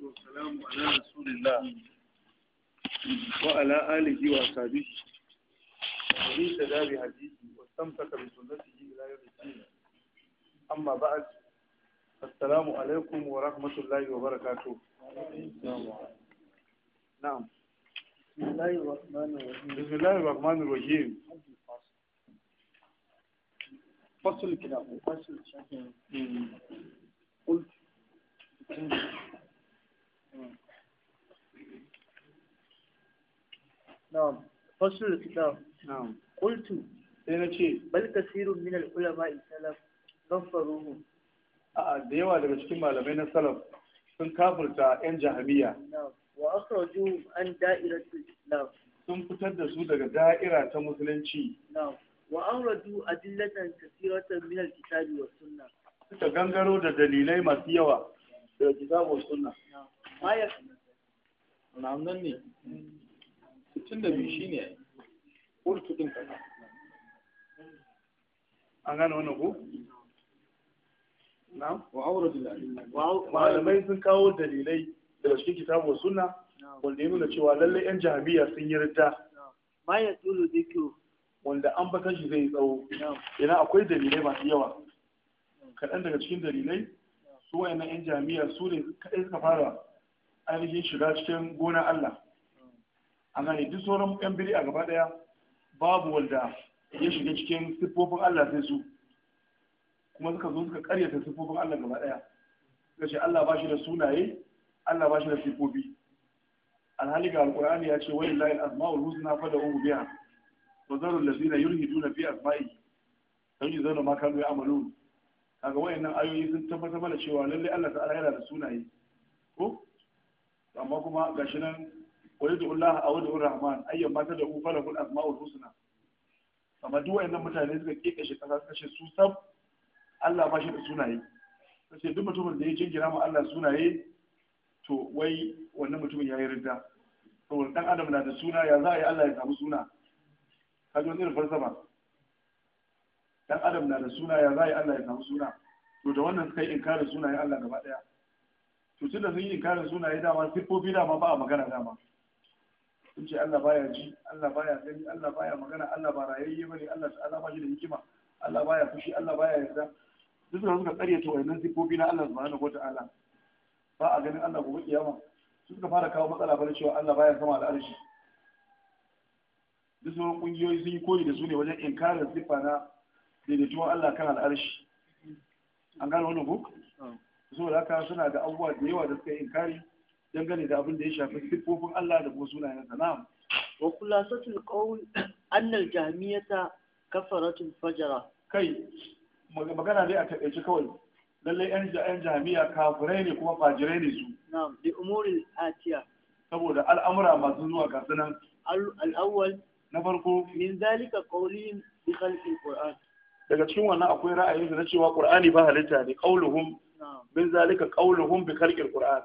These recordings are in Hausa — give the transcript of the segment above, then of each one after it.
والسلام على رسول الله وعلى آله وأصحابه ومن تدى بهديه واستمسك بسنته إلى يوم الدين أما بعد السلام عليكم ورحمة الله وبركاته نعم بسم الله الرحمن الرحيم فصل الله فصل كده قلت na'am fasul kitab na'am qultu sai na ce bal kasirun min al ulama salaf a'a da yawa daga cikin malamai na salaf sun kafirta yan jahamiya wa akhraju an da'iratul islam sun fitar da su daga da'ira ta musulunci na'am wa awradu adillatan kathiratan min al-kitabi was sunnah suka gangaro da dalilai masu yawa daga kitabu was sunnah mayar nan ne sittin da biyu shine urtu din kaza an gane wannan ku? na'am wa auradu malamai sun kawo dalilai daga cikin kitabu suna wanda ya nuna cewa lallai yan jami'a sun yi ridda ma ya tsoro wanda an bata shi zai tsawo yana akwai dalilai masu yawa kaɗan daga cikin dalilai su wayannan yan jami'a su ne kaɗai suka fara ainihin shiga cikin gona Allah Amma ne duk sauran yan biri a gaba ɗaya, babu wanda ya shiga cikin siffofin Allah sai su kuma suka zo suka karyata siffofin Allah gaba ɗaya. suka ce Allah ba shi da sunaye Allah ba shi da siffofi alhali ga alqur'ani ya ce walillahi al-asmaul husna zan biha wa zaru allazina yulhiduna fi Asma'i. dan yi zauna ma kanu ya A kaga wayannan ayoyi sun tabbatar mana cewa lalle Allah ta'ala yana da sunaye ko amma kuma gashi nan wani da Allah a wani Rahman ayyan mata da ufa lahul asma'ul husna amma duk wayannan mutane suka kike shi kasa suka ce su sab Allah ba shi da sunaye sai duk mutumin da ya jingira mu Allah sunaye to wai wannan mutumin yayi ridda to dan adam na da suna ya za a yi Allah ya samu suna kaji wani irin falsafa dan adam na da suna ya za a yi Allah ya samu suna to da wannan suka yi inkarin sunayen Allah gaba daya to tunda sun yi inkarin sunaye dama siffofi dama ba a magana dama sun ce Allah baya ji Allah baya gani Allah baya magana Allah ba rayayye bane Allah ta'ala ba shi da hikima Allah baya fushi Allah baya yarda duk da suka ta wayannan siffofi na Allah subhanahu wata'ala ba a ganin Allah gobe kiyama sun suka fara kawo matsala bane cewa Allah baya sama da arshi duk sauran kungiyoyi sun yi koyi da su ne wajen inkarin siffa na daidaituwan Allah kan al'arshi an gane wannan ko da haka suna da abubuwa da yawa da suka yi inkari dangane da abin da ya shafi siffofin Allah da kuma suna sa na'am wa satin qawl jami'a ta kafaratul fajara kai magana dai a takaice kawai lallai yan yan jami'a kafirai ne kuma fajirai ne su na'am bi umuril atiya saboda al'amura masu zuwa ga sunan al na farko min zalika qawlin bi khalqi quran daga cikin wannan akwai ra'ayin na cewa qur'ani ba halitta ne qauluhum min zalika qauluhum bi kharqi alquran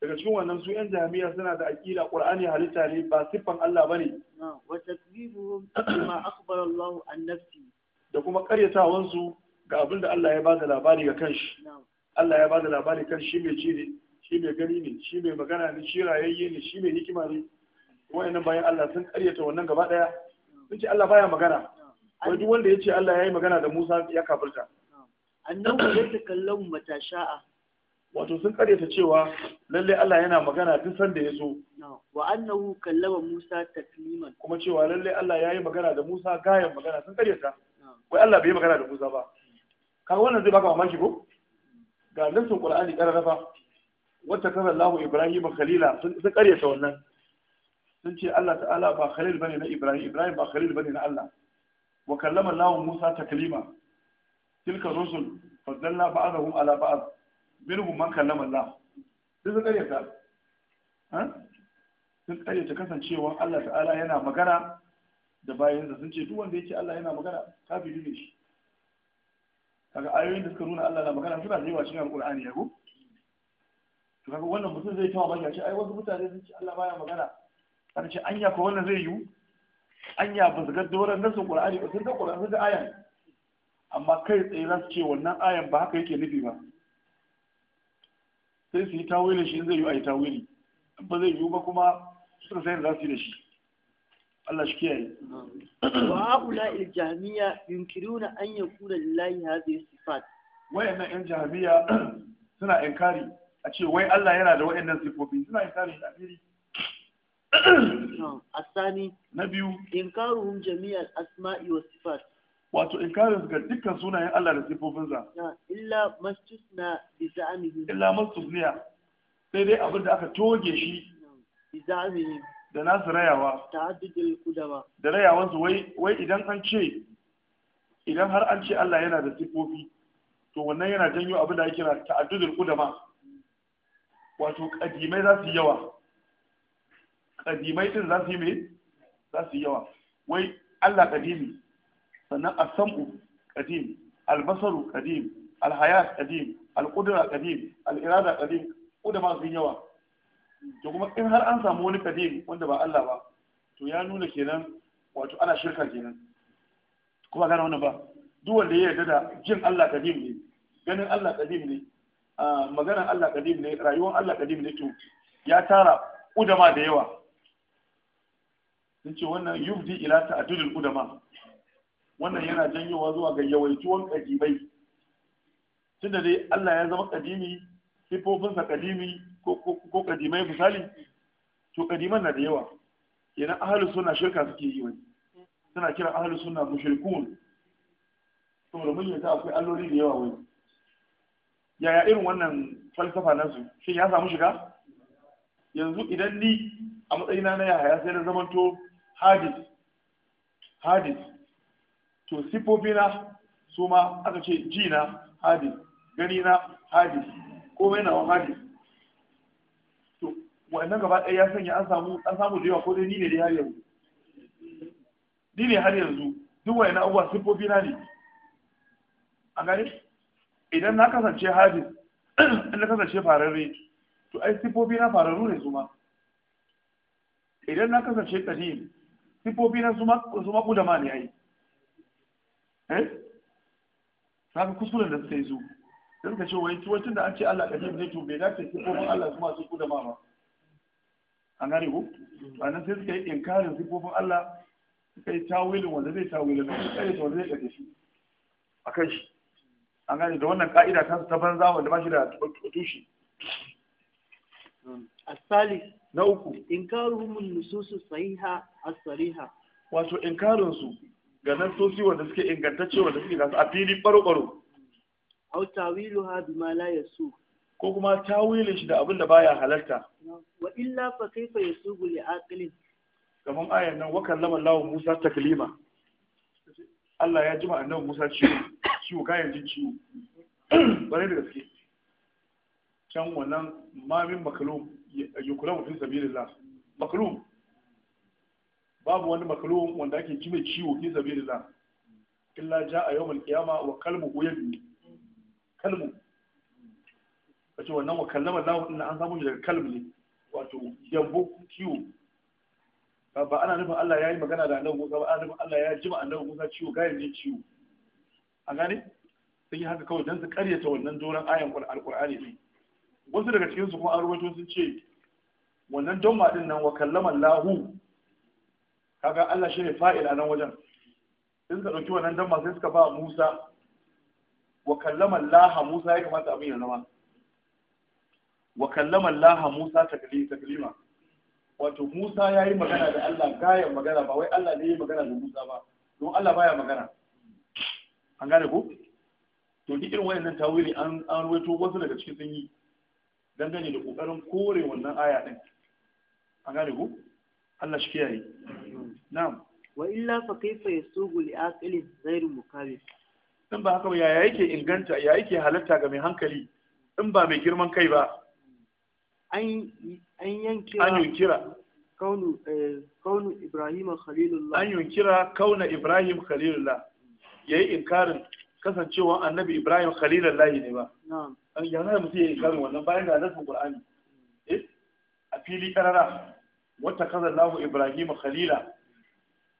daga cikin wannan su yan jami'a suna da aqida qur'ani halitta ne ba siffan Allah bane wa takdibuhum bima akhbara Allah an nafsi da kuma karyatawan su ga abinda Allah ya bada labari ga kanshi Allah ya bada labari kan shi mai cire shi mai gani ne shi mai magana ne shi rayayye ne shi mai hikima ne wayannan bayan Allah sun karyata wannan gaba daya sun ce Allah baya magana wai duk wanda ya ce Allah ya yi magana da Musa ya kafirta annahu kallon mu matasha'a. wato sun karyata cewa lallai Allah yana magana duk sanda ya zo wa annahu kallama Musa takliman kuma cewa lallai Allah ya yi magana da Musa gayan magana sun karyata wai Allah bai yi magana da Musa ba kaga wannan zai baka mamaki ko ga nassin Qur'ani kararrafa wata kaza Allahu Ibrahim khalila sun karyata wannan sun ce Allah ta'ala ba khalil bane na Ibrahim Ibrahim ba khalil bane na Allah wa kallama Allah Musa taklima tilka rusul faddalna ba'dahum ala ba'd minhum man kallama Allah duk sun karyata sun karyata kasancewa Allah ta'ala yana magana da bayansa sun ce duk wanda yake Allah yana magana kafiri ne shi kaga ayoyin da suka nuna Allah na magana suna da yawa cikin alqur'ani ya to kaga wannan mutum zai tawa baki ce ai wasu mutane sun ce Allah baya magana Kada ce anya ko wannan zai yiwu anya ba su ga doran nasu qur'ani ba sun ga qur'ani da ayan amma kai tsaye za su ce wannan ayan ba haka yake nufi ba sai su yi tawili shi zai yi a yi tawili ba zai yi ba kuma suka sayar za su yi da shi Allah shi kiyaye wa haula il jami'a yunkiruna an yakuna lillahi hadhihi sifat wayannan yan jami'a suna inkari a ce wai Allah yana da wayannan sifofi suna inkari da fili الثاني نبيو إنكارهم asma'i Wasu والصفات wato inkarin ga dukkan sunayen Allah da sifofinsa illa mastusna na za'amihi illa mastusniya sai dai abin da aka toge shi bi da nasu rayawa ta'addudul qudama da rayawansu wai wai idan an ce idan har an ce Allah yana da sifofi to wannan yana janyo abin da ake kira ta'addudul qudama wato kadimai za su yi yawa kadimai din za su yi me za su yi yawa wai Allah kadimi sannan as-sam'u Albasaru al-basaru qadim al-hayat Al'irada al-qudra qadim al yawa to kuma in har an samu wani qadim wanda ba Allah ba to ya nuna kenan wato ana shirka kenan kuma gane wannan ba duk wanda ya yarda da jin Allah qadim ne ganin Allah qadim ne maganar Allah qadim ne rayuwar Allah qadim ne to ya tara udama da yawa sun ce wannan yubdi ila ta'addudul udama wannan yana janyowa zuwa ga yawaituwan kadimai tunda dai Allah ya zama kadimi sifofinsa kadimi ko kadimai misali to kadiman na da yawa yana ahlus suna shirka suke yi wani suna kira ahlus suna mushrikun saboda mun yadda akwai alloli da yawa wani yaya irin wannan falsafa nasu shi ya samu shiga yanzu idan ni a matsayina na yahaya sai na zamanto hadis hadis to sifofina su ma aka ce ji na hadis gani na hadis komai na hadis to wannan gaba ɗaya ya sanya an samu an samu da yawa ko dai ni ne dai har yanzu ni ne har yanzu duk wayannan abubuwa sifofina ne a gani idan na kasance hadis in na kasance fararre to ai sifofina fararru ne su ma idan na kasance kadim sifofina su ma ƙudama ne ai eh kaga kuskuren da suka yi su sai suka ce wai tuwacin da an ce Allah kadim zai to bai dace sifofin Allah su masu kuda ma ba an ku. ko nan sai suka yi inkarin kofin Allah suka yi tawilin wanda zai tawilin da suka yi wanda zai kace shi kan shi an gane da wannan ka'ida ta ta banza wanda ba shi da tushe الثالث نوكو إنكارهم النصوص الصحيحة الصريحة واتو su. ga nasosi wanda suke ingantacce wanda suke gasu a fili baro-baro aw tawilu ha mala ya su. ko kuma tawilin shi da abin da baya halarta wa illa fa kaifa yasugu li aqilin Kamar ayan nan wa kallama Allah Musa taklima Allah ya jima annabi Musa ciwo ciwo kayan jin ciwo bare da gaske can wannan mamin makalum yukulamu fi sabilillah makalum babu wani makalon wanda ake ji mai ciwo fi da illa ja a yawon qiyama wa qalbuhu yadmi kalmu ce wannan wa kallama lahu na an samu shi daga kalmu ne wato yabo ciwo ba ana nufin Allah ya yi magana da annabi Musa ba ana nufin Allah ya jima annabi Musa ciwo gayan ne ciwo a gane sun yi haka kawai don su karyata wannan doron ayan alkur'ani ne wasu daga cikinsu kuma an rubuto sun ce wannan don maɗin nan wa kallaman lahu kaga Allah shi ne fa'il a nan wajen in ka ɗauki wannan damma sai suka ba Musa wa kallama laha Musa ya kamata abin nama. wa kallama laha Musa taklima wato Musa ya yi magana da Allah gayan magana ba wai Allah ne ya yi magana da Musa ba don Allah baya magana an gane ku. to duk irin wayannan tawili an an ruwaito wasu daga cikin sun yi dangane da kokarin kore wannan aya din an gane ku. Allah shi kiyaye na'am wa illa fa kaifa yasugu li aqilin ghairu mukabir in ba haka ba yaya yake inganta ya yake halatta ga mai hankali in ba mai girman kai ba an yankira an yankira kaunu eh, kaunu ibrahim khalilullah an yankira kauna ibrahim khalilullah yayi inkarin kasancewa annabi ibrahim khalilullah ne ba na'am yanzu mutum yayi inkarin wannan bayan da nasin qur'ani eh a fili karara wata kaza lahu ibrahim khalila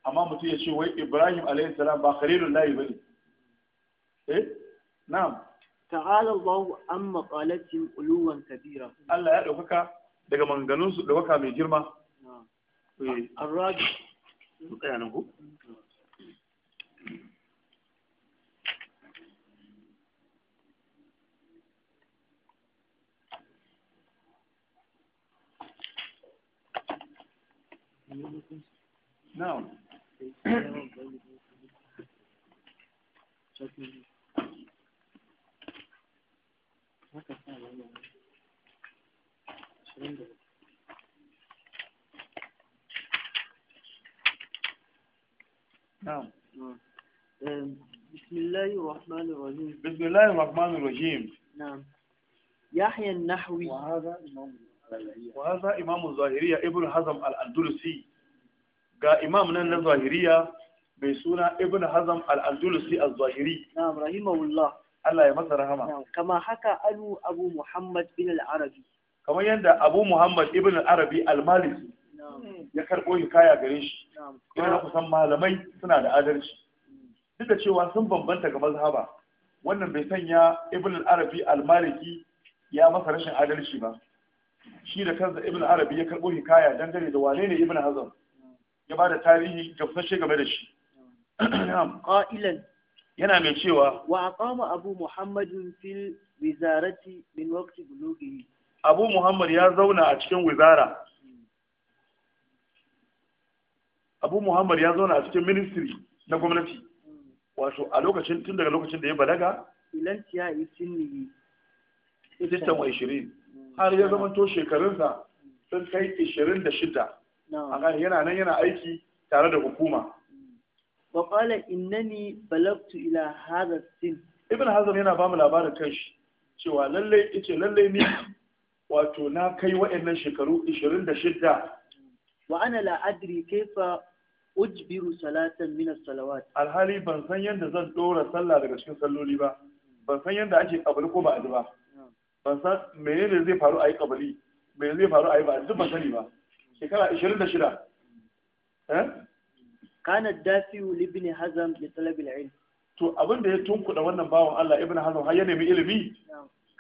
amma mutum ya ce wai ibrahim alayhi salam ba khalilun lahi bane eh na'am ta'ala Allah an maqalatin uluwan kabira Allah ya ɗaukaka daga manganun su dauka mai girma na'am eh arraji tsaya nan na'am نعم بسم الله الرحمن الرحيم بسم الله الرحمن الرحيم نعم يحيى النحوي وهذا إمام wa hadha imamu zahiriya ibn Hazam al-andalusi ga imam nan na zahiriya mai suna ibn Hazam al-andalusi az-zahiri na'am rahimahullah Allah ya masa rahama kama haka alu abu muhammad bin al-arabi kamar yadda abu muhammad ibn al-arabi al-maliki ya karbo hikaya gare shi ina kusan malamai suna da adalci duk da cewa sun bambanta ga mazhaba wannan bai sanya ibn al-arabi al-maliki ya masa rashin adalci ba shi da kansa ibn arabi ya karɓo hikaya dangane da wane ne ibn hazan ya ba da tarihi gamsashe game da shi qa'ilan yana mai cewa wa aqama abu muhammadin fil wizarati min waqti bulughihi abu muhammad ya zauna a cikin wizara abu muhammad ya zauna a cikin ministry na gwamnati wato a lokacin tun daga lokacin da ya balaga ilan tiya isini 26 har ya zama to shekarunsa sun kai 26 a kan yana nan yana aiki tare da hukuma wa qala innani balabtu ila hadha sin ibn Hazar yana ba mu labarin shi cewa lallai ice lallai ni wato na kai wa'annan shekaru 26 wa ana la kaifa ujbiru salatan min salawat alhali ban san yadda zan dora sallah daga cikin salloli ba ban san yadda ake kabul ko ba ba ban san menene zai faru a yi kabali me zai faru a yi ba duk ban sani ba shekara 26 eh kana dafi ibn hazan li talab al to abin da ya tunkuda wannan bawan Allah ibn hazm har ya nemi ilimi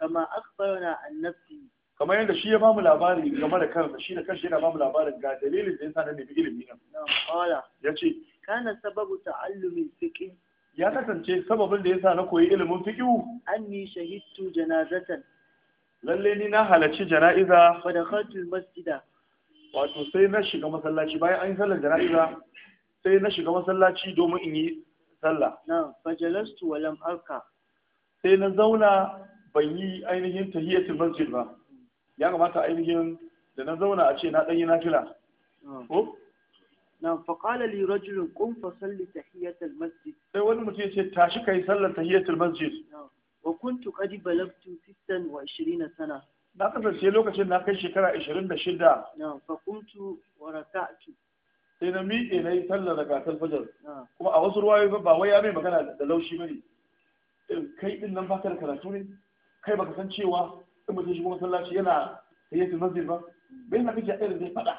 kama akhbarana an nafsi kamar yadda shi ya ba mu labari game da kansa shi da kanshi yana ba mu labarin ga dalilin da yasa na nemi ilimi nan ya ce kana sababu allumin fiqh ya kasance sababin da yasa na koyi ilimin fiqh anni shahidtu janazatan lalle ni na halarci jana'iza fa dakhaltu masjida wato sai na shiga masallaci bayan an yi sallar jana'iza sai na shiga masallaci domin in yi sallah na fa jalastu wa lam alka sai na zauna ban yi ainihin tahiyatul masjid ba ya kamata ainihin da na zauna a ce na dan yi nafila ko na fa qala li rajulun qum fa salli tahiyatul masjid sai wani mutum ya ce tashi kai sallar tahiyatul masjid wa kuntu qad balagtu 26 sana na kasance lokacin na kai shekara 26 na fa kuntu wa raka'tu sai na miƙe na yi sallar da gasar fajar kuma a wasu ruwayoyi ba wai ya mai magana da laushi bane kai din nan baka da karatu ne kai baka san cewa in mutum shigo masallaci yana tayyatu masjid ba bai na kike irin zai fada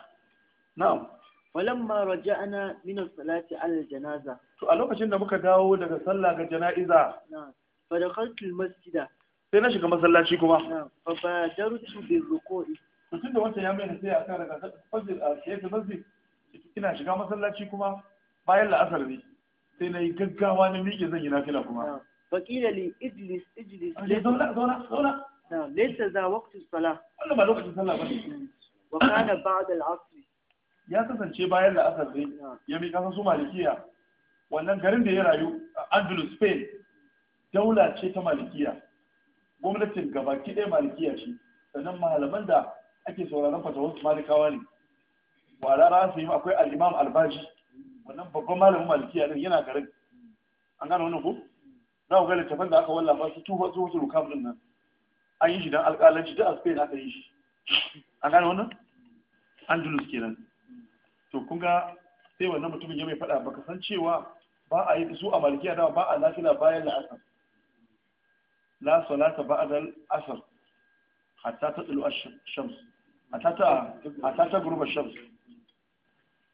na'am walamma raja'na min as-salati 'ala al-janaza to a lokacin da muka dawo daga sallah ga jana'iza fa dakhaltu al-masjida sai na shiga masallaci kuma fa badartu bi ruku'i tunda wancan ya bayyana sai a kan daga fajr a shaykh masjid ina shiga masallaci kuma bayan la'asar ne sai na yi gaggawa na miƙe zan yi nafila kuma فقيل لي اجلس اجلس زولا زولا زولا نعم ليس ذا وقت الصلاة ولا ما وقت الصلاة وكان بعد العصر ya kasance bayan la'asar ne ya mi kasan su malikiya wannan garin da ya rayu andalus spain daula ce ta malikiya gwamnatin gabaki ɗaya malikiya ce sannan malaman da ake sauraron wasu malikawa ne wala ran yi akwai al'imam albaji wannan babban malamin malikiya din yana garin an gane wannan ko za ku ga littafin da aka wallafa su tufa su wasu rukam din nan an yi shi dan alƙalanci da asfain aka yi shi an gane wannan andalus kenan to kun ga sai wannan mutumin ya mai faɗa baka san cewa ba a yi su a malikiya da ba a lafiya bayan la'asar la salata ba'dal asr hatta tatlu ash-shams hatta ta hatta ta guruba shams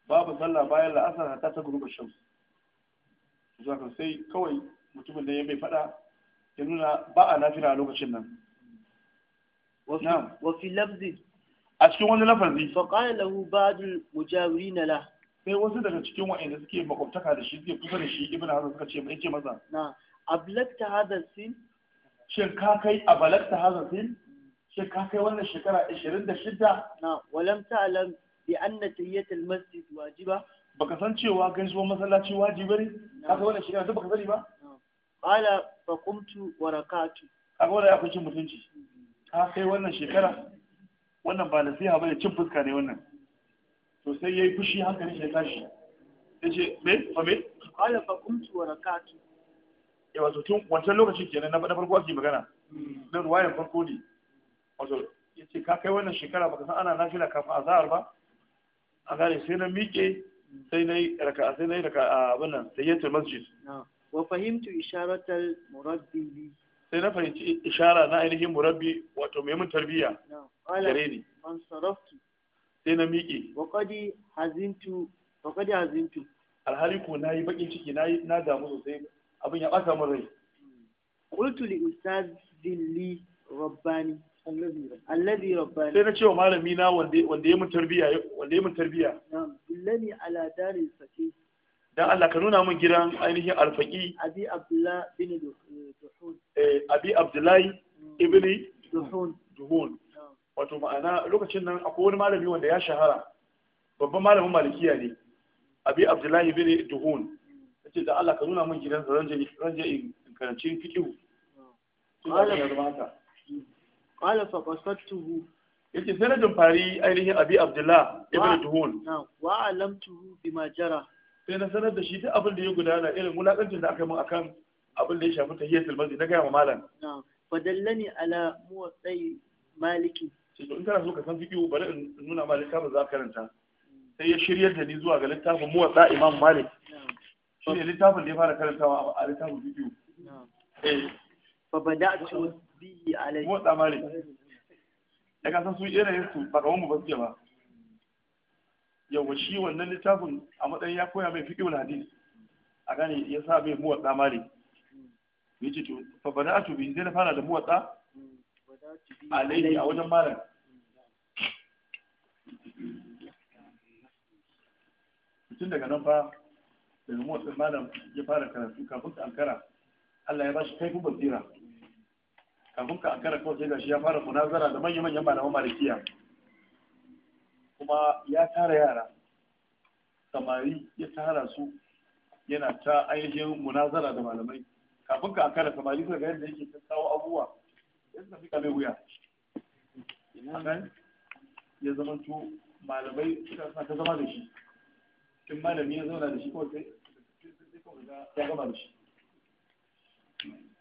babu sallah bayan la'asar hatta ta guruba shams zaka sai kawai mutumin da ya mai fada ya nuna ba a nafila a lokacin nan wa fi lafzi a cikin wani lafazi fa qala lahu ba'dul na la sai wasu daga cikin wa'anda suke makwabtaka da shi suke kusa da shi ibina hazan suka ce mai ce maza na ablakta hadha sin shin ka kai a balagta hazan sin shin ka kai wannan shekara 26 na walam ta'lam bi anna tahiyatul masjid wajiba baka san cewa gaisuwar masallaci wajibi ne ka kai wannan shekara duk baka sani ba ala fa qumtu wa rakatu kaga wannan ya kunshi mutunci ka kai wannan shekara wannan ba nasiha bane cin fuska ne wannan to sai yayi fushi haka ne ya tashi yace me fa me ala fa qumtu wa rakatu eh wato tun wancan lokacin kenan na farko ake magana hmm. na ruwayan farko ne wato ce ka kai wannan shekara baka san ana nafila kafin azhar ba a gane sai na miƙe sai na yi raka sai na yi raka a wannan sayyatul masjid wa fahimtu isharatal murabbi sai na fahimci ishara na ainihin murabbi wato mai mun tarbiyya gare ni sai na miƙe wa qadi hazintu wa qadi hazintu alhali ko nayi bakin ciki na damu sosai abin ya ɓata min rai qultu li ustazi rabbani alladhi rabbani sai na ce wa malami na wanda ya mun tarbiya wanda ya mun tarbiya ne ala dari saki dan Allah ka nuna min gidan ainihin alfaki. abi bin eh, duhun eh abi abdullahi mm. ibn duhun duhun wato ma'ana lokacin nan akwai wani malami wanda ya shahara babban malamin malikiya ne abi abdullahi bin duhun ce da Allah ka nuna min gidansa zan je zan in karanci fiqhu qala fa qasadtuhu yace sai na dumfari ainihin abi abdullah ibn duhun wa alamtuhu bima jara sai na sanar da shi ta abin da ya gudana irin mulakancin da aka min akan abin da ya shafi tahiyatul masjid na gaya ma malam fadallani ala muwatsai maliki sai to in kana so ka san fiqhu bari in nuna ma littafin za ka karanta sai ya shiryar da ni zuwa ga littafin muwatsa imam malik shi ne littafin da ya fara karantawa a littafin bidiyo fa bada'tu bi alayhi motsa mare da ka san su irin su ba kaman mu ba suke ba yawa shi wannan littafin a matsayin ya koya mai fiqhul hadith a gane ya sa mai muwatsa mare ya ce fa bada'tu bi zai na fara da muwatsa alaihi a a wajen malam tun daga nan fa daga motsin malam ya fara karatu kafin ka ankara Allah ya bashi kaifin basira kafin ka ankara kawai sai gashi ya fara munazara da manyan manyan malaman malikiya kuma ya tara yara samari ya tara su yana ta ainihin munazara da malamai kafin ka ankara samari suka ga yadda yake ta kawo abubuwa ya ka fi mai wuya ya zamanto malamai suna ta zama da shi in malami ya zauna da shi kawai ya gama da shi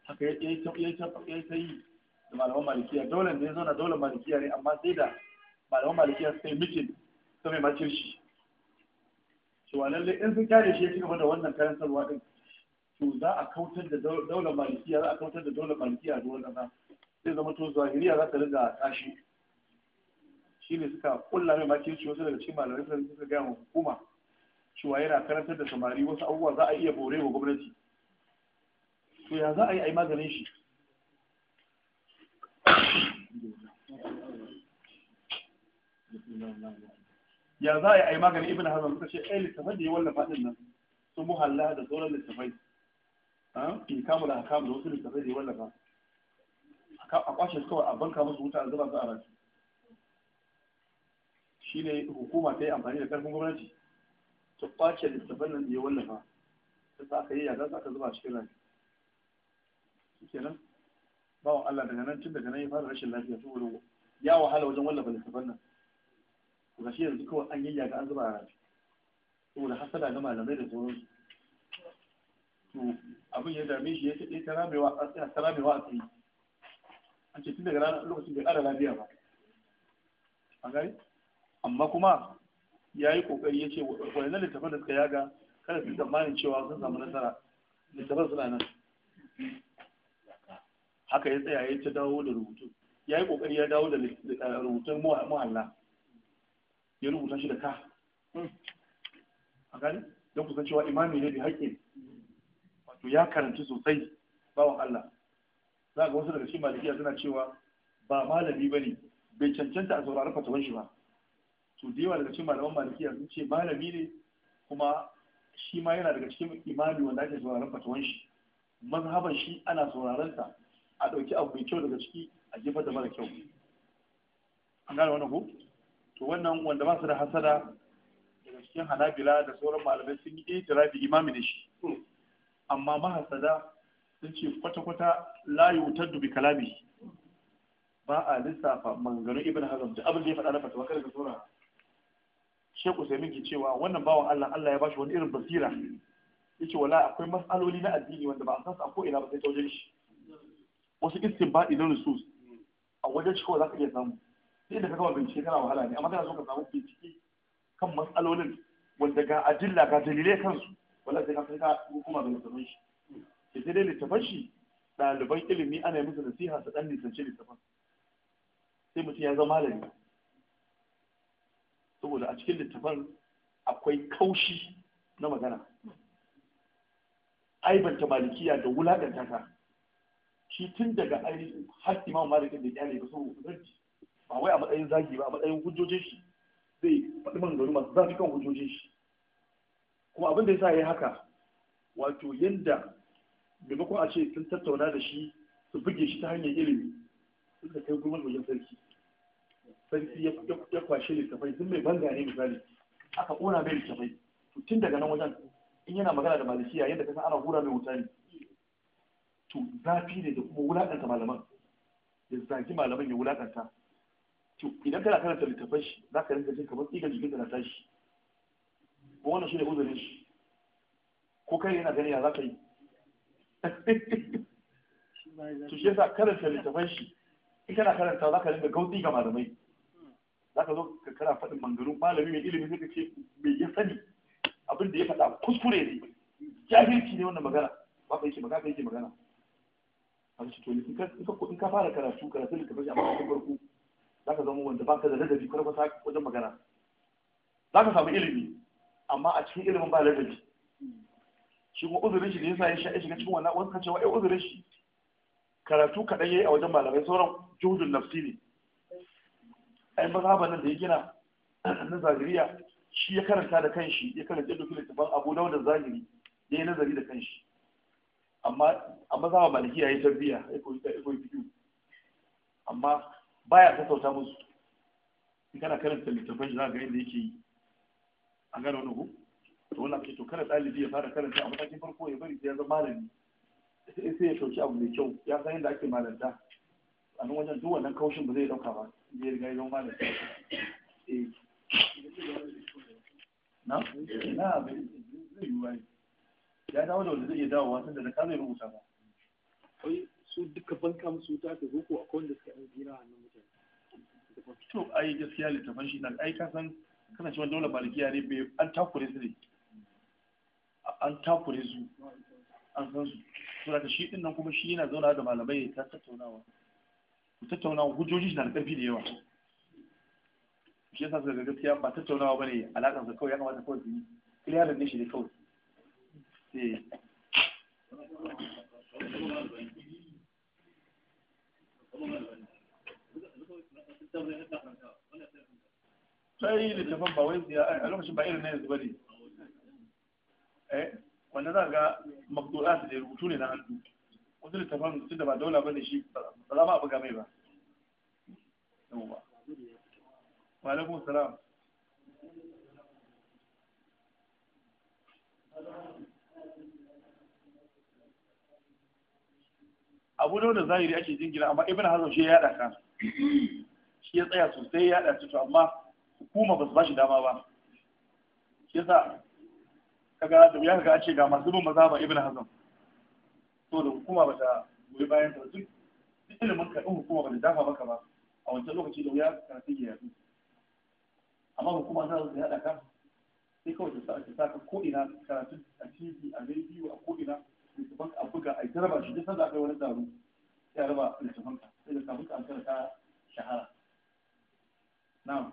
haka ya yi ta yi da malaman malikiya dole ne zo na dole malikiya ne amma sai da malaman malikiya sai mitin su mai macin shi cewa lalle in sun kyale shi ya ci gaba da wannan kayan sarwa din to za a kautar da daular malikiya za a kautar da daular malikiya a duwar ƙasa sai zama to zahiriya za ta rinda tashi shi ne suka kulla mai macir shi wasu daga cikin malamai suka gaya ma hukuma cewa yana karantar da samari wasu abubuwa za a iya bore wa gwamnati to ya za a yi a yi maganin shi ya za a yi a yi maganin ibn hazan suka ce ai eh, littafai da ya wallafa ɗin nan sun muhalla da sauran littafai in kamu da hakamu da wasu littafai da ya wallafa a kwashe su kawai a banka musu wuta a zuba su a rafi shi ne hukuma ta yi amfani da karfin gwamnati ta kwace littafin nan da ya wallafa ta sa aka yi yada za ka zuba cikin rafi nan. bawan Allah daga nan tun daga nan ya fara rashin lafiya saboda ya wahala wajen wallafa littafin nan ga shi yanzu kawai an yi yaga an zuba a su saboda hasada ga malamai da su. to abin ya dame shi ya ce eh, ta wa a tsaye an ce tun daga ranar lokacin bai ƙara lafiya ba a gari amma kuma ya yi kokari ya ce wani na littafan da suka yaga kada su tsammanin cewa sun samu nasara littafan suna nan haka ya tsaya ya ta dawo da rubutu ya yi kokari ya dawo da rubutun muhalla ya rubuta shi da ka a gani don kusan cewa imami ne bi haƙƙin wato ya karanci sosai bawan Allah za ga wasu daga cikin malikiya suna cewa ba malami ba ne bai cancanta a sauraron fatawan shi ba to da yawa daga cikin malaman malikiya sun ce malami ne kuma shi ma yana daga cikin imami wanda ake sauraron fatawan shi mazhaban shi ana sauraron sa a ɗauki abu mai kyau daga ciki a jefa da mara kyau an gane wannan ko to wannan wanda ba su da hasada daga cikin hanabila da sauran malamai sun yi itirafi imami da shi amma mahasada sun ce kwata-kwata layi wutar dubi kalami. ba a lissafa mangaro ibn hazam da abin da ya faɗa na fatawa kada ka saurara sheku sai muke cewa wannan bawan Allah Allah ya bashi wani irin basira yace wala akwai mas'aloli na addini wanda ba a san su a ina ba sai ta wajen shi wasu istinbadi na nusus a wajen shi kawai zaka iya samu sai da ka kawai bincike kana wahala ne amma kana so ka samu bincike kan mas'alolin wanda ga adilla ga dalilai kansu wala sai ka kai ka hukuma da mutum shi sai dai littafin shi ɗaliban ilimi ana yi musu nasiha su ɗan nisanci littafin sai mutum ya zama malami saboda a cikin littafan akwai kaushi na magana aibanta malikiya da wulaƙanta ta shi tun daga ainihin haƙƙi ma malikin da kyale ba saboda rarji ba wai a matsayin zagi ba a matsayin hujjojin shi zai faɗi man gari masu zafi kan hujjojin shi kuma abin da ya sa ya yi haka wato yadda maimakon a ce sun tattauna da shi su buge shi ta hanyar ilimi sun da kai gurman wajen sarki sarki ya kwashe littafai sun mai banga ne misali aka kona mai littafai to tun daga nan wajen in yana magana da malikiya yadda san ana hura mai wuta ne to zafi ne da kuma wulakanta malaman ya zagi malaman ya wulakanta to idan kana karanta littafai shi za ka rinka jin kamar tsigar jikin na tashi ko wannan shi ne uzurin shi ko kai yana gani ya za ka yi to shi yasa karanta littafan shi in kana karanta za ka rinka gautsi ga malamai za ka zo ka kana faɗin mangaru malami mai ilimi sai ka ce mai ya sani abin da ya faɗa kuskure ne jahilci ne wannan magana ba ka yake magana ka yake magana a cikin to in ka ka fara karatu karatu da ka fashi a matakin farko za ka zama wanda ba ka da ladabi kwarkwata wajen magana za ka samu ilimi amma a cikin ilimin ba ladabi shi kuma uzurin shi da yasa ya shiga cikin wannan wani kacewa cewa uzurin shi karatu kaɗan yi a wajen malamai sauran juhudun nafsi ne ai mazhaban nan da ya gina na zahiriya shi ya karanta da kanshi ya karanta duk littafin Abu Dawud da zahiri ya yi nazari da kanshi amma a mazhaban ya yi tarbiya ya koyi ta koyi bidiyo amma baya kasauta musu in kana karanta littafin shi za ga yadda yake yi an gane wani ku to wannan ke to kada ɗalibi ya fara karanta a matakin farko ya bari sai ya zama malami sai ya shauki abu mai kyau ya san yadda ake malanta a nan wajen duk wannan kaushin ba zai dauka ba zai riga yau malanta eh. na na bai zai yi wani ya dawo da wanda zai iya dawowa tunda da ka zai rubuta ba wai su duka banka musu ta ka zo ko akwai wanda suka yi jira zira hannun mutane to ai gaskiya littafan shi nan ai ka san kana cewa dole malikiya ne an takure su ne an takure su an san su suna ta shi din nan kuma shi yana zauna da malamai ta tattaunawa ku tattaunawa hujjoji na da ƙarfi da yawa shi yasa suka ga gaskiya ba tattaunawa bane alaƙar sa kawai ya kamata kawai su yi kiliyarin ne shi ne kawai sai eh. tafan ba wai a lokacin ba irin na yanzu ba ne eh wanda za ga maktulat da rubutu ne na hannu wasu littafan su da ba daula ba ne shi ba za ma buga mai ba wa alaikum salam abu da wanda zahiri ake jingina amma ibn hazm shi ya yada ka shi ya tsaya sosai ya yada su amma hukuma ba su ba shi dama ba shi yasa kaga da ya kaga an ce ga masu bin mazhaba ibn hazm to da hukuma ba ta goyi bayan ta duk ilimin ka hukuma ba ta dafa maka ba a wancan lokaci da wuya ka sai ya yi amma hukuma za ta hada ka sai kawai ta sa ka ko ina karatu a TV a radio a ko ina littafin a buga a yi ta raba shi duk sanda kai wani taro sai a raba littafin ka sai da kafin ka an karanta shahara na'am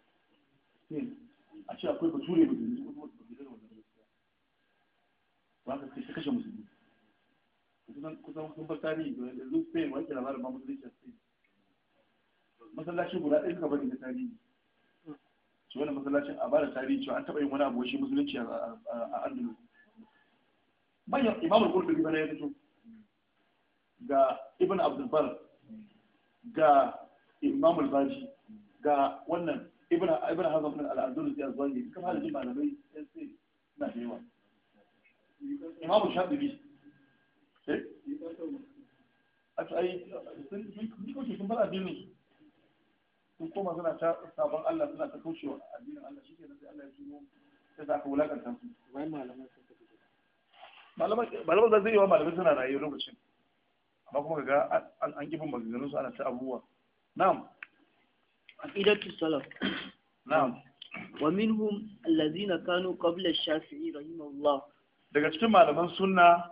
a ce akwai bature ba zai zuwa ba zai zuwa ba ka kashe kashe musulmi kusan sun bar tarihi da yanzu spain wani ke labarin ma musulunci a spain masallacin guda ɗaya suka bari da tarihi shi wannan masallacin a bada tarihi cewa an taɓa yin wani abu shi musulunci a andalus manyan imamul qurtubi bana ya fito ga ibn abdul bar ga imamul baji ga wannan ibn ibn hazm min al-andalus ya zangi kuma halin malamai sai sai na da yawa imamu shafi'i eh a ai sun sun kauce sun bar addinin sun koma suna ta sabon Allah suna ta kaucewa addinin Allah shi ke sai Allah ya tuno sai za ka wulakanta su wai malaman sun tafi malaman da zai yi wa malamai suna rayu lokacin amma kuma ga an kifin maganganun su ana ta abubuwa na'am عقيدة السلف نعم ومنهم الذين كانوا قبل الشافعي رحمه الله daga cikin malaman sunna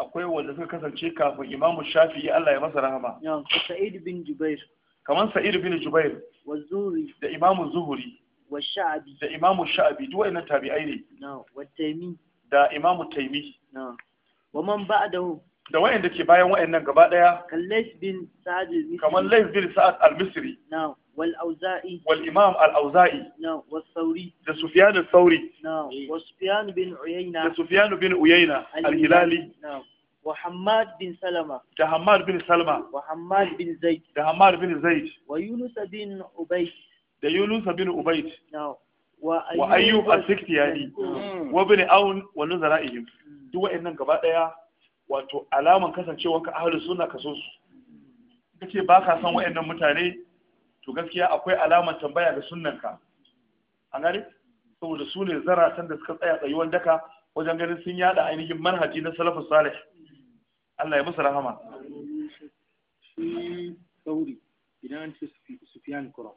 akwai wanda suka kasance kafin imamu shafi'i Allah ya masa rahama sa'id bin jubair kaman sa'id bin jubair wa zuhri da imamu zuhri wa sha'bi da imamu sha'bi duk wayannan tabi'ai ne na wa taymi da imamu taymi na wa man ba'dahu da wayanda ke bayan wayannan gaba daya kallais bin sa'ad al-misri kaman lais bin sa'ad al-misri wal imam al auza'i da sufyan al sauri da sufyan bin Uyaina. al-hilali wa hammad bin salama da hammad bin salama wa hammad bin zaid da hammad bin zaid wa bin ubayd da bin ubayd na'am wa ayyub al wa hmm. duk wayannan gaba wato alaman ka ahlus sunna ka so su kace ba ka san wayannan mutane to gaskiya akwai alaman tambaya ga ka an gare, saboda su ne zaratan da suka tsaya tsayuwan daka wajen ganin sun yada ainihin manhaji na salafus salih Allah ya musu rahama sauri idan an ce sufiyan kura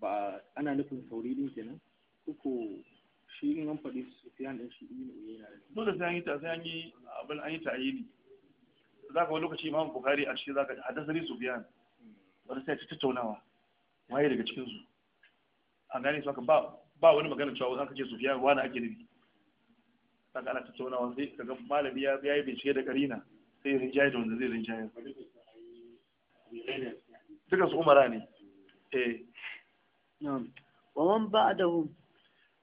ba ana nufin sauri din kenan ko shi in an faɗi Sufyan din shi yana Uyayna dole sai an yi ta sai an yi abin an yi ta Za ka wani lokaci Imam Bukhari a shi za zaka hadasari Sufyan wani sai ta tattaunawa waye daga cikin su an gane su aka ba ba wani magana cewa an kace Sufyan wani ake nufi ka ana tattaunawa sai kaga malami ya yi bincike da karina sai rinjaye da wanda zai rinjaye duka su umara ne eh na'am wa man ba'dahum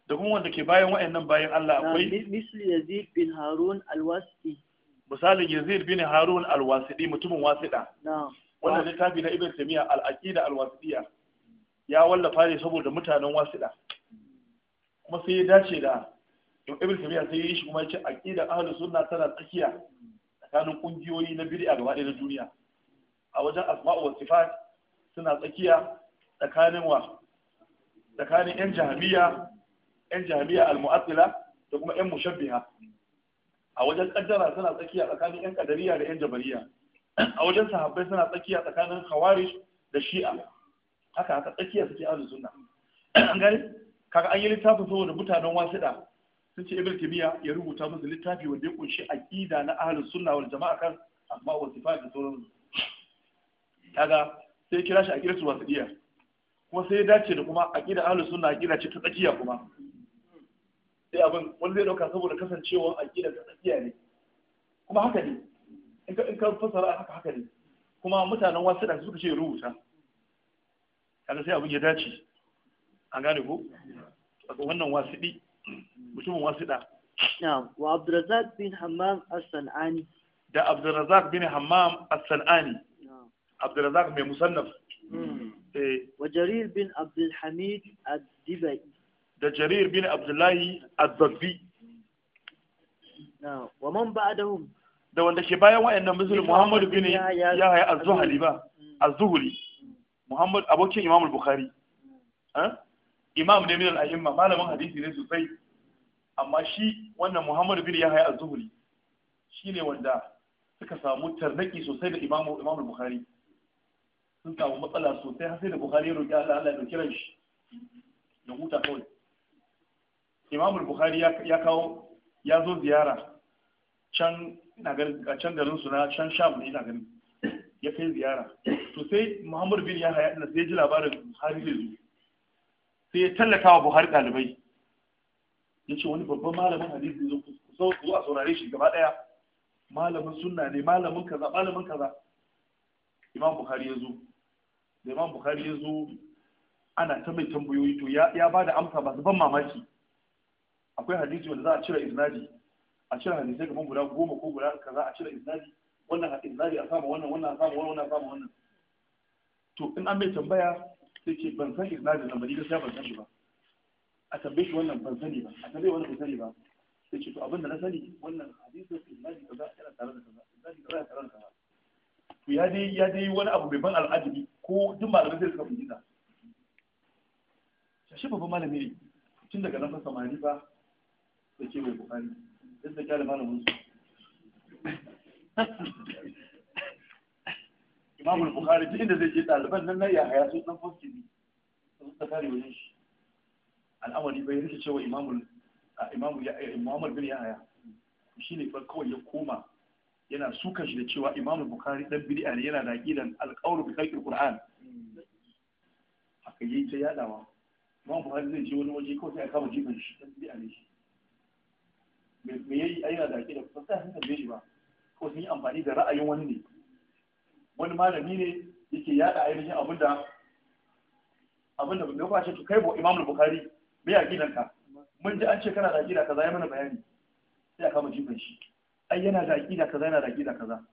da kuma wanda ke bayan wa'annan bayan Allah akwai misli Yazid bin Harun al-Wasiti misalin Yazid bin Harun al-Wasiti mutumin wasida wannan littafi na Ibn Taymiyyah al-Aqida al-Wasitiyya ya wallafa ne saboda mutanen wasida kuma sai ya dace da Ibn Taymiyyah sai ya yi shi kuma ya ce aqida ahlus sunna tana tsakiya tsakanin kungiyoyi na bid'a gaba ɗaya na duniya a wajen asma'u wa sifat suna tsakiya tsakanin wa tsakanin yan jahabiyya 'yan jami'a al-mu'attila da kuma 'yan mushabbiha a wajen kaddara suna tsakiya tsakanin 'yan kadariya da 'yan jabariya a wajen sahabbai suna tsakiya tsakanin khawarij da shi'a haka haka tsakiya suke a sunna an gani kaga an yi littafin saboda mutanen wasida sun ce ibn timiya ya rubuta musu littafi wanda ya kunshi aqida na ahlus sunna wal jama'a kan amma wa sifat da sauran kaga sai kira shi aqidatu wasidiyya kuma sai ya dace da kuma aqida ahlus sunna aqida ce ta tsakiya kuma sai abin wani zai dauka saboda kasancewar aƙidar ta tsakiya ne kuma haka ne in ka fasara haka haka ne kuma mutanen wasu da suka ce rubuta kaga sai abin ya dace an gane ko wannan wasiɗi mutumin wasiɗa na'am wa Abdurrazzaq bin Hammam as-San'ani da Abdurrazzaq bin Hammam as-San'ani Abdurrazzaq mai musannaf hmm. eh. wa Jarir bin Abdul Hamid ad-Dibai da jarir bin abdullahi azzabi wa man ba'dahum da wanda ke bayan wayannan musulun muhammadu bin ya az-zuhli ba mm. az-zuhli muhammad abokin imam al-bukhari mm. eh? imam ne min al-a'imma malamin hadisi ne sosai amma shi wannan muhammadu bin haya az shi shine wanda suka samu tarnaki sosai da imam imam al-bukhari sun samu matsala sosai har sai da bukhari ya roki Allah Allah ya dauki shi ya huta kawai imam bukhari ya kawo ya zo ziyara can a can garin su na can sham ne ina gani ya kai ziyara to sai muhammad bin ya haya sai ji labarin buhari zai zo sai ya tallata wa buhari ɗalibai ya ce wani babban malamin hadisi zo ku zo a saurare shi gaba ɗaya malamin sunna ne malamin kaza malamin kaza imam bukhari ya zo da imam bukhari ya zo ana ta mai tambayoyi to ya ba da amsa masu ban mamaki akwai hadisi wanda za a cire iznadi a cire hadisai kamar guda goma ko guda kaza a cire iznadi wannan iznadi a samu wannan wannan a samu wannan wannan a samu wannan to in an mai tambaya sai ce ban san iznadi nan bari gaskiya ban sani ba a tambaye shi wannan ban sani ba a tambaye wannan ban sani ba sai ce to abinda na sani wannan hadisin isnadi kaza yana tare da kaza isnadi kaza yana tare da kaza to ya dai ya dai wani abu bai ban al'ajabi ko duk malamai zai suka bincika shi babban malami ne tun daga nan fasa samari ba da ke mai bukari duk da kyale malamin su imamul bukari duk inda zai je ɗaliban nan na yahaya sun ɗan fuski ne sun ta kare wajen shi al'amari bai rike cewa imamul imamul imamul bin yahaya shi ne fa kawai ya koma yana sukan shi da cewa imamul bukari dan bid'a ne yana da aqidan alqawlu bi khalqil qur'an haka yayi ta yadawa imamul bukari zai je wani waje kawai sai a kama jifan shi dan bid'a ne shi me yayi ai yana da ake da kusan sai hankali bai ba ko sun yi amfani da ra'ayin wani ne wani malami ne yake yada ainihin abinda abinda bai kwace to kai bo Imam Bukhari bai ya gidan ka mun ji an ce kana da gida kaza ya mana bayani sai aka kama jifan shi ai yana da aqida kaza yana da aqida kaza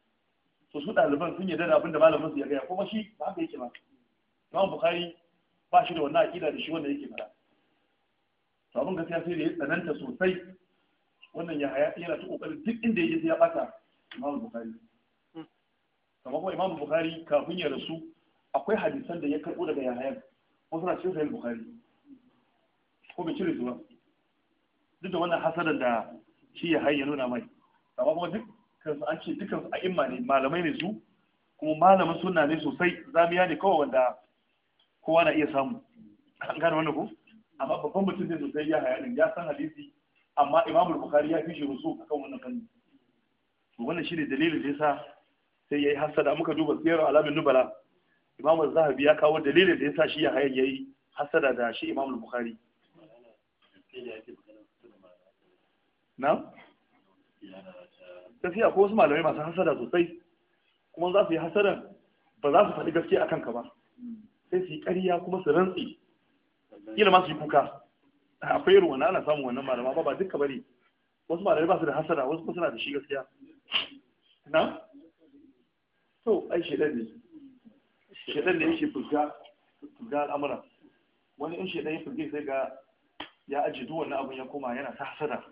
to su ɗaliban sun yarda da abinda malamin su ya gaya kuma shi ba haka yake ba Imam Bukhari ba shi da wannan aqida da shi wanda yake fara to abin gaskiya sai da ya tsananta sosai wannan ya haya yana ta kokarin duk inda ya yi ya bata Imam Bukhari hmm. kamar kuma Imam Bukhari kafin ya rasu akwai hadisan da ya karbo daga Yahaya ko suna cikin Sahih Bukhari ko bai cire su ba duk da wannan hasadan da shi ya hayya nuna mai amma kuma duk kansu an ce dukkan su a'imma ne malamai ne su kuma malamin sunna ne sosai zamiya ne kawai wanda kowa na iya samu an gane wannan ko amma babban mutum ne sosai ya haya ya san hadisi amma imamu bukari ya fi shi rusu kan wannan fanni to wannan shine dalilin da yasa sai yayi hasada muka duba siyar alamin nubala imamu Zahabi ya kawo dalilin da yasa shi ya hayan yayi hasada da shi imamu bukari na tafiya ko wasu malamai masu hasada sosai kuma za su yi hasadan ba za su faɗi gaske akan ka ba sai su yi ƙarya kuma su rantsi kila ma su yi kuka akwai ruwa na, ana samun wannan malama ba ba duka bane wasu malamai ba su da hasara wasu kuma suna da shi gaskiya na to ai shedan ne shedan ne ya shi fulga, fulga al'amura wani in shedan ya fuske sai ga ya aji duk wannan abun ya koma yana ta hasara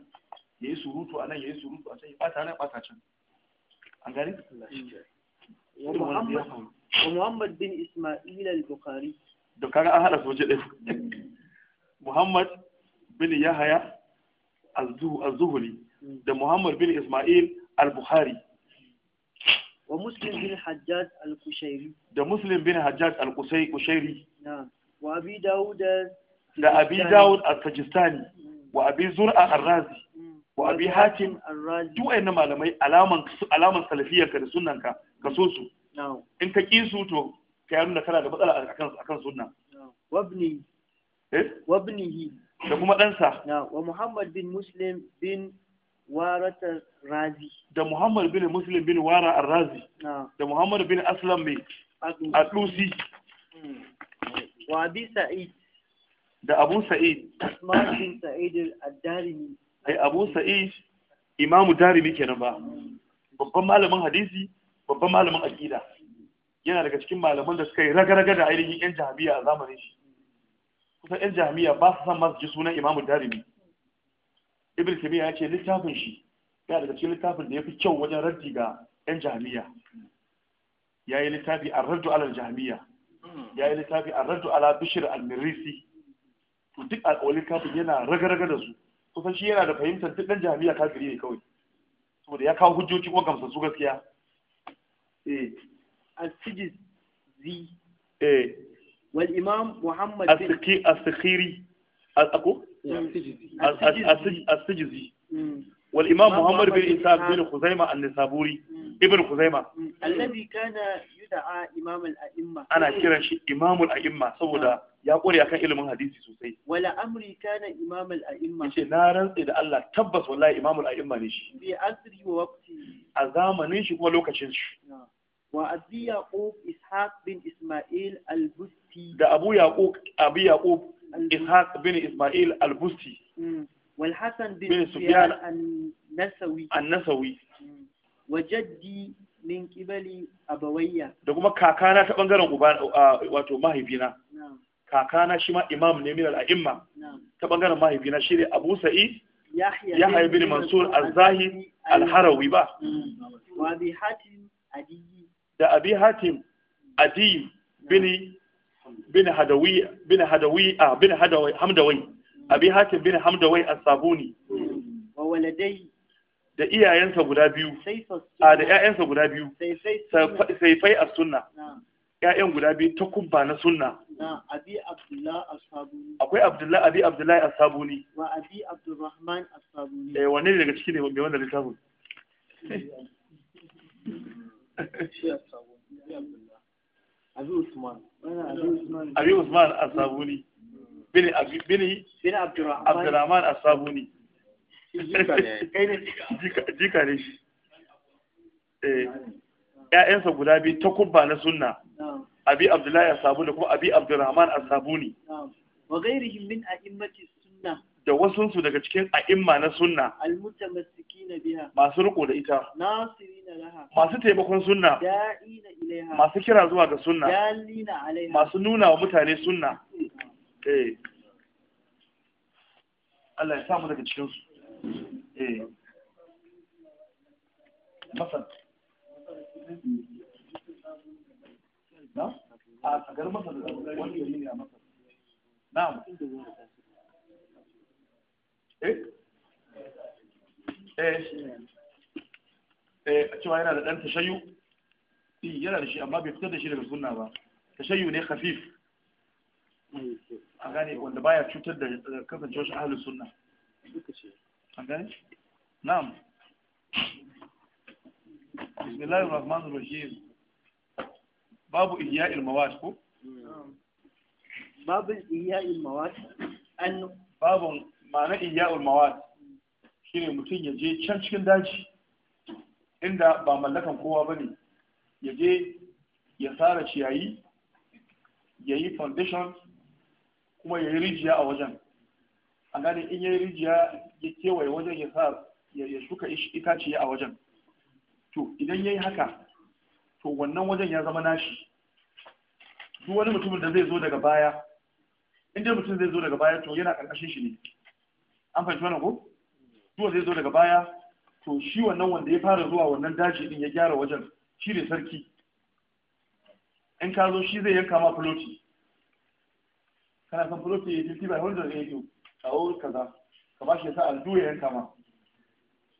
ya yi surutu a nan ya yi surutu a can ya bata nan bata can an gani wa muhammad bin isma'il al-bukhari da an hada soje din muhammad bin Yahaya al zuhri da Muhammad bin Ismail al-Bukhari wa Muslim bin Hajjaj al-Kushairi da Muslim bin Hajjaj al-Kushairi wa Abi Dawud da Abi Dawud al sajistani wa Abi Zur'a al-Razi mm. wa Abi Hatim al-Razi duk wayannan malamai alaman salafiyar salafiyarka da sunnanka ka so su in ka ƙi su to ka yi nuna kana da matsala akan akan sunna wabni eh? wabnihi da kuma ɗansa wa Muhammad bin Muslim bin warata razi da Muhammad bin Muslim bin wara razi da Muhammad bin Aslam mai adusi hmm. wa abi Sa'id da Abu Sa'id Usman bin Sa'id al-Darimi ai Abu Sa'id Imamu Darimi kenan ba hmm. babban malamin hadisi babban malamin aƙida. yana daga cikin malaman da suka yi raga-raga da ainihin yan jami'a a zamanin shi kusan yan jami'a ba su san masu ji sunan imamu darimi ibn taymiya ya ce littafin shi ya daga cikin littafin da ya fi kyau wajen raddi ga yan jami'a ya yi littafi a raddu alar jami'a ya yi littafi a raddu ala bishir al-mirisi to duk a littafin yana raga-raga da su kusan shi yana da fahimtar duk ɗan jami'a kafiri ne kawai saboda ya kawo hujjoji ko gamsa su gaskiya eh al zi eh wal imam muhammad asiki asikhiri ako asijizi wal imam muhammad bin isa bin khuzaima an-nisaburi ibn khuzaima ana kiran shi imam aimma saboda ya kware akan ilimin hadisi sosai wala amri kana imam al-a'imma yace na rantsi da Allah tabbas wallahi imam al-a'imma ne shi a zamanin shi kuma lokacin shi wa aziya qub bin isma'il al da abu yaqub abu yaqub ishaq bin isma'il al-busti hmm. wal hasan bin sufyan an-nasawi an-nasawi hmm. wa min qibali abawayya da kuma kakana ta bangaren uba wato mahaifina kakana shi ma imam ne min al-a'imma ta bangaren mahaifina shi ne abu Sa'i yahya bin mansur al-zahid al-harawi ba hmm. wa bi hatim adiyi da abi hatim adiyi bini bin hadawi bin a ah, bin hadawi hamdawai abi hatim bin hamdawai as-sabuni da iyayensa guda biyu a ah, da ƴaƴansa guda biyu saifai a sunna ƴaƴan guda biyu ta kubba na sunna akwai Abdullahi abi as-sabuni wa abi abdurrahman as-sabuni eh wanne daga ciki ne mai wannan littafin abi usman asabuni sabuni abi bini bini abdurrahman asabuni sabuni jika ne shi ‘ya'yansa eh, guda biyu ta kubba na sunna abi abdullahi asabuni sabuni kuma abi abdurrahman asabuni sabuni wa gairihin min a'immati sunna da wasunsu daga cikin a'imma na sunna masu riko da ita masu taimakon sunna masu kira zuwa ga sunna masu nuna wa mutane sunna eh Allah ya samu daga cikin su eh masar na a garin masar wani gari ne masar na'am eh eh a cewa yana da ɗan tashayyu yana da shi amma bai fitar da shi daga sunna ba tashayyu ne khafif a gane wanda baya cutar da kasancewar shi ahlus sunna an gane na'am bismillahir rahmanir rahim babu ihya'il mawat ko babu ihya'il mawat an babun ma'ana iya'ul mawad ne mutum ya je can cikin daji inda ba mallakan kowa ba ne ya je ya tsara ciyayi ya yi foundation kuma ya yi rijiya a wajen a gane in ya yi rijiya ya kewaye wajen ya sa ya shuka itaciya a wajen to idan ya yi haka to wannan wajen ya zama nashi duk wani mutumin da zai zo daga baya inda mutum zai zo daga baya to yana ƙarƙashin shi ne an fahimci wannan ko duwa zai zo daga baya to shi wannan wanda ya fara zuwa wannan daji din ya gyara wajen shi ne sarki in ka zo shi zai yanka ma fuloti kana san fuloti ya jirgi ba wanda zai yi eh, kawo kaza ka ba shi yasa aldu ya yanka ma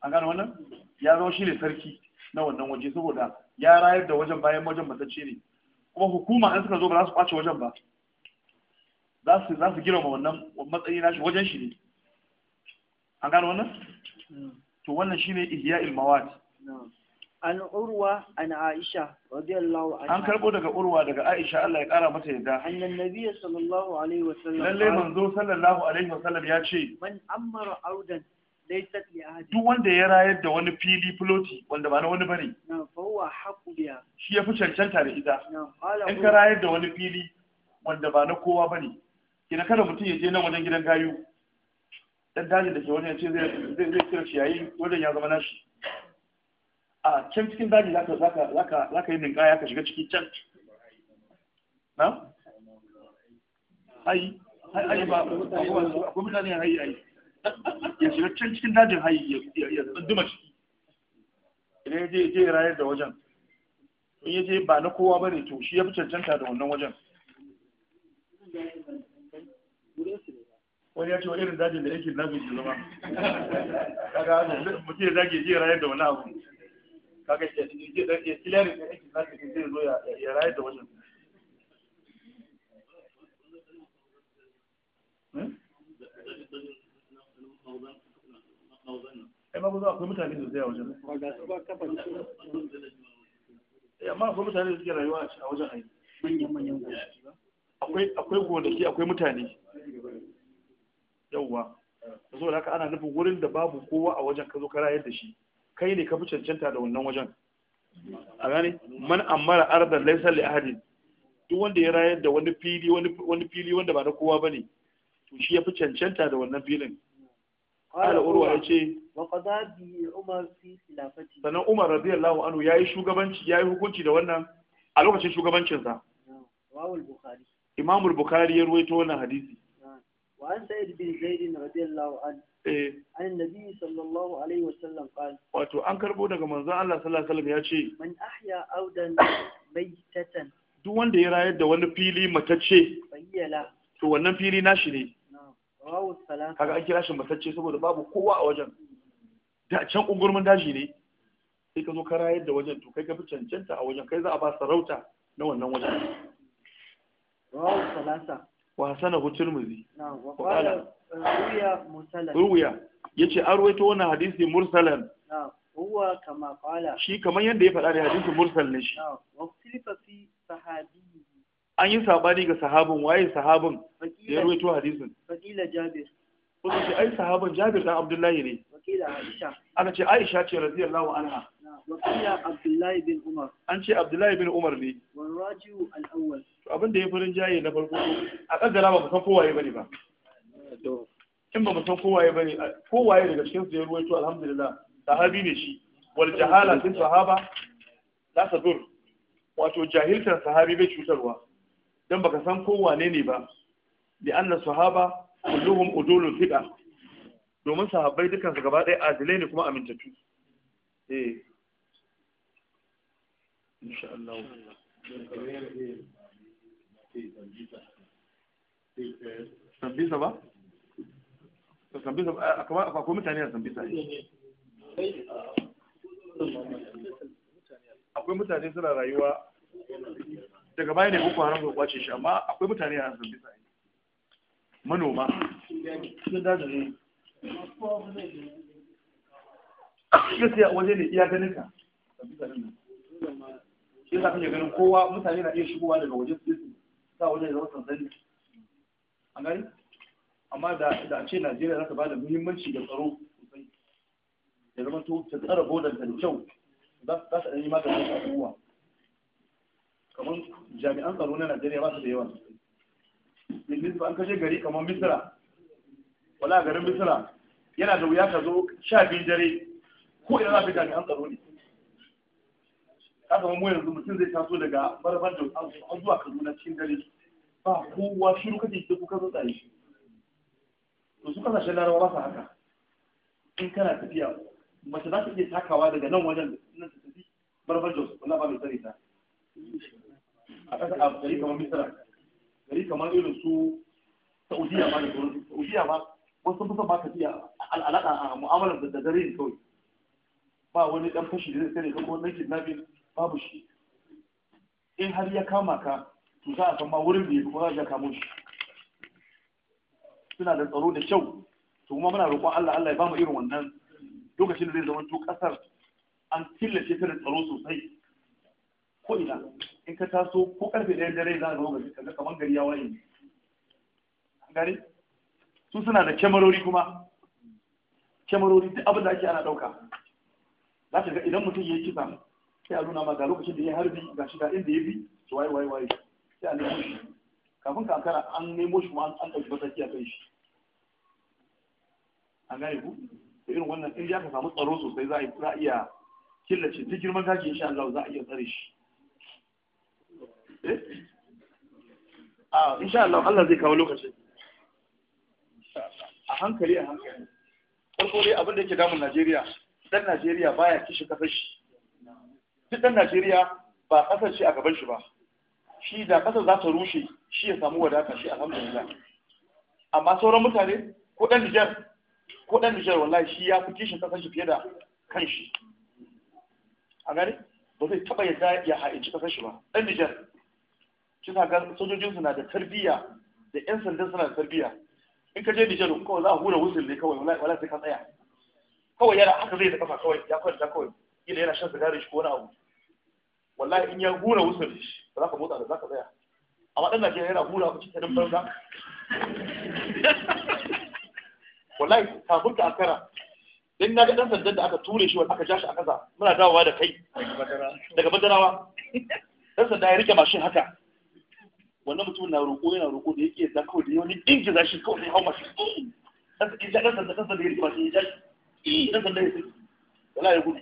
an gano wannan ya zama shi ne sarki na wannan waje saboda ya rayar da wajen bayan wajen matacce ne kuma hukuma in suka zo ba za su kwace wajen ba za su girma wannan matsayi na shi wajen shi ne an gano wannan hmm. to wannan shine ihya'il mawad an urwa an aisha radiyallahu anha an karbo daga urwa daga aisha Allah ya kara mata yadda annan nabiyyi sallallahu alaihi wasallam lalle manzo sallallahu alaihi wasallam ya ce man amara audan laysat li ahadi duk wanda ya rayar da wani fili filoti wanda ba na wani bane fa huwa haqqu biya shi ya fi cancanta da ita in ka rayar da wani fili wanda ba na kowa bane kina kada mutum ya je nan wajen gidan gayu dan dajin da ke ya ce zai zai cire ciyayi wajen ya zama nashi a can cikin daji za ka yi ninkaya ka shiga ciki can na ai ai ba a akwai mutane ya hayi ai ya shiga can cikin dajin hayi ya tsunduma ciki idan ya je ya rayar da wajen in ya je ba na kowa ba ne to shi ya fi cancanta da wannan wajen wani ya ce wa irin dajin da yake zagin shi zama kaga mutum ya zage je rayar da wani abu kaga ya Ya kilari da yake zagin zai zo ya rayar da wani hmm? ai ba zuwa akwai mutane sosai a wajen eh, amma akwai mutane da suke rayuwa a wajen aiki akwai gonaki akwai mutane zo da haka ana nufin wurin da babu kowa a wajen ka zo ka rayar da shi kai ne ka fi cancanta da wannan wajen a gane man ammara ardan laysa li ahadi duk wanda ya rayar da wani fili wani fili wanda ba na kowa bane to shi ya fi cancanta da wannan filin qala urwa yace wa qada bi umar fi khilafati sanan umar radiyallahu anhu yayi shugabanci yayi hukunci da wannan a lokacin shugabancin sa imam al-bukhari ya ruwaito wannan hadisi وعن سيد بن زيد رضي الله عنه عن النبي صلى الله عليه وسلم قال واتو ان كربو دقا منزا الله صلى الله عليه وسلم يأتي من احيا أودا ميتة duk wanda ya rayar da wani fili matacce to wannan fili nashi ne kaga an kira shi matacce saboda babu kowa a wajen da can ungurmin daji ne sai ka zo ka rayar da wajen to kai ka fi cancanta a wajen kai za a ba sarauta na wannan wajen وحسنه الترمذي وقال رويا مرسلا رويا yace an ruwaito wannan hadisi mursalan huwa kama qala shi kamar yadda ya faɗa da hadisi mursal ne shi an yi sabani ga sahabin waye sahabin ya ruwaito hadisin faqila jabir kuma shi ai sahabin jabir dan abdullahi ne wakila aisha aka ce aisha ce radiyallahu anha wakila abdullahi bin umar an ce abdullahi bin umar ne wal rajiu al awwal abin da ya fi rinjaye na farko a kaddara ba mu san kowaye bane ba in ba mu san kowaye bane kowaye daga cikin su ya ruwaito alhamdulillah sahabi ne shi wal jahala tun sahaba la sadur. wato jahiltar sahabi bai cutarwa dan baka san kowane ne ba bi anna sahaba kulluhum udulul fiqa domin sahabbai dukan su gaba ɗaya adilai ne kuma amintattu eh insha Allah sambisa ba? sambisa ba eh, akwai mutane a sambisa ne akwai mutane suna rayuwa daga baya ne boko haram ga kwace shi amma akwai mutane a sambisa ne manoma gaskiya waje ne iya ganin ka sambisa ne shi ganin kowa mutane na iya shigowa daga waje su sa wajen zama sanzani a gani amma da a ce najeriya za ta ba da muhimmanci da tsaro da zama to ta tsara bodar da kyau za ta ɗanyi maganin abubuwa kamar jami'an tsaro na najeriya ba su da yawa sosai misra an kashe gari kamar Misira, wala garin Misira yana da wuya ka zo sha biyu dare ko ina za ka jami'an tsaro ne kaga mu yanzu mutum zai taso daga barbar da an zuwa Kaduna cikin dare ba kowa shiru kake da kuka kaza tsaye to su kasashen larabawa ba sa haka in kana tafiya mace za ta iya takawa daga nan wajen nan ta tafi barbar da wala ba mai tsare ta a kasa a gari kamar misira gari kamar irin su saudiya ba da sauran saudiya ma wasu kusan ba tafiya al'alaka a mu'amalar da dare ne kawai ba wani dan fashi da zai tsare ko na biyu. babu shi in har ya kama ka to za a san ma wurin da ya kuma za a kamo shi suna da tsaro da kyau to kuma muna roƙon Allah Allah ya mu irin wannan lokacin da zai zama to kasar an killace ta da tsaro sosai ko ina in ka taso ko karfe ɗaya dare za a zama ga kaga kamar gari ya waye gari su suna da kyamarori kuma kyamarori duk abin da ake ana ɗauka za ka ga idan mutum ya yi kisa sai a nuna ma ga lokacin da ya harbi ga shi ga inda ya bi su waye waye waye sai a nemo shi kafin kankara an nemo shi ma an ɗauki mataki a kai shi an gane ku da irin wannan in ya ka samu tsaro sosai za a iya killace duk girman kaki insha Allah za a iya tsare shi Eh? a insha Allah Allah zai kawo lokacin a hankali a hankali farko dai abin da yake damun Najeriya dan Najeriya baya kishi kafashi shi duk ɗan Najeriya ba ƙasar shi a gaban shi ba shi da ƙasar za ta rushe shi ya samu wadata shi alhamdulillah amma sauran mutane ko ɗan Nijar ko ɗan Nijar wallahi shi ya fi kishin ƙasar shi fiye da kan shi a gani ba zai taɓa yadda ya ha'inci ƙasar shi ba ɗan Nijar ta ga sojojin suna da tarbiyya da ƴan sandan suna da tarbiyya in ka je Nijar kawai za a hura wusul ne kawai wallahi sai ka tsaya kawai yana haka zai da kafa kawai ya kwanta kawai ila yana shan sigari shi ko wani abu wallahi in ya hura wusul ba za ka motsa da za ka tsaya amma ɗan Najeriya yana hura ku cikin banza wallahi kafin ka akara dan na ga ɗan sandan da aka ture shi aka ja shi a kasa muna dawowa da kai daga badarawa ɗan sanda ya rike mashin haka wannan mutum na roƙo yana roƙo da yake da kawai da yau ni ingiza shi kawai sai hau mashin ɗan sanda dan sanda ya rike mashin ya ja dan ɗan sanda ya sai wallahi ya gudu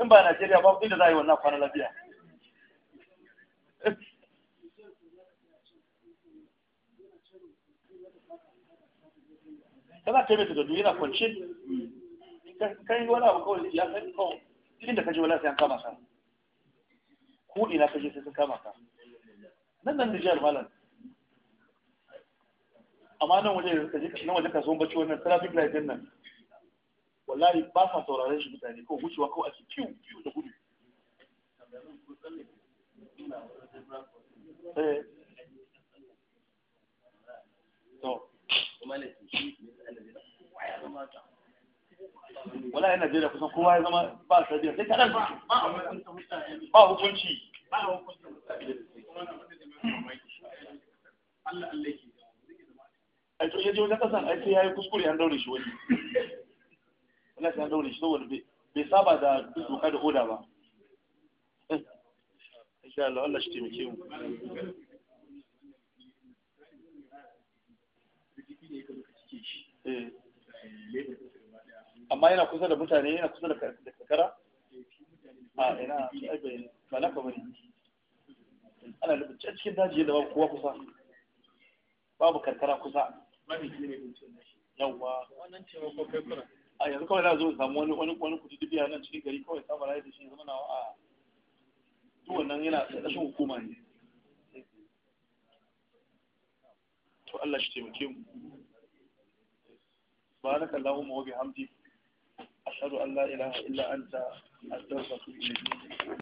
in ba Najeriya ba inda za a yi wannan kwanan lafiya kana taimaka mai takardu yana kan kai wani abu kawai ya san kawai inda kaji wala sai an kama ka Ku ina kaji sai sun kama ka nan nan Nijar malam amma nan waje ka nan waje kasuwan bacci wannan traffic light din nan wallahi ba sa sauraron shi mutane ko wucewa ko ci kiwu kiwu da gudu eh. wala yana jera kusan kowa ya zama ba sa biya sai kaɗan ba hukunci ba hukunci Allah Allah ke ai to yaje wajen kasan ai sai yayi kuskure an daure shi wani ina ta daure shi saboda bai saba da doka da oda ba insha Allah Allah shi taimake mu amma yana kusa da mutane yana kusa da kakara a ina ba na kamar ana da cikin daji yadda babu kowa kusa babu karkara kusa yawwa wannan taimakon kai a yanzu kawai na zo samu wani wani wani kuɗi dubiya nan cikin gari kawai samu rayu da shi zama na a duk wannan yana ƙarƙashin hukuma ne to Allah shi taimake mu بارك اللهم وبحمدك أشهد أن لا إله إلا أنت أستغفرك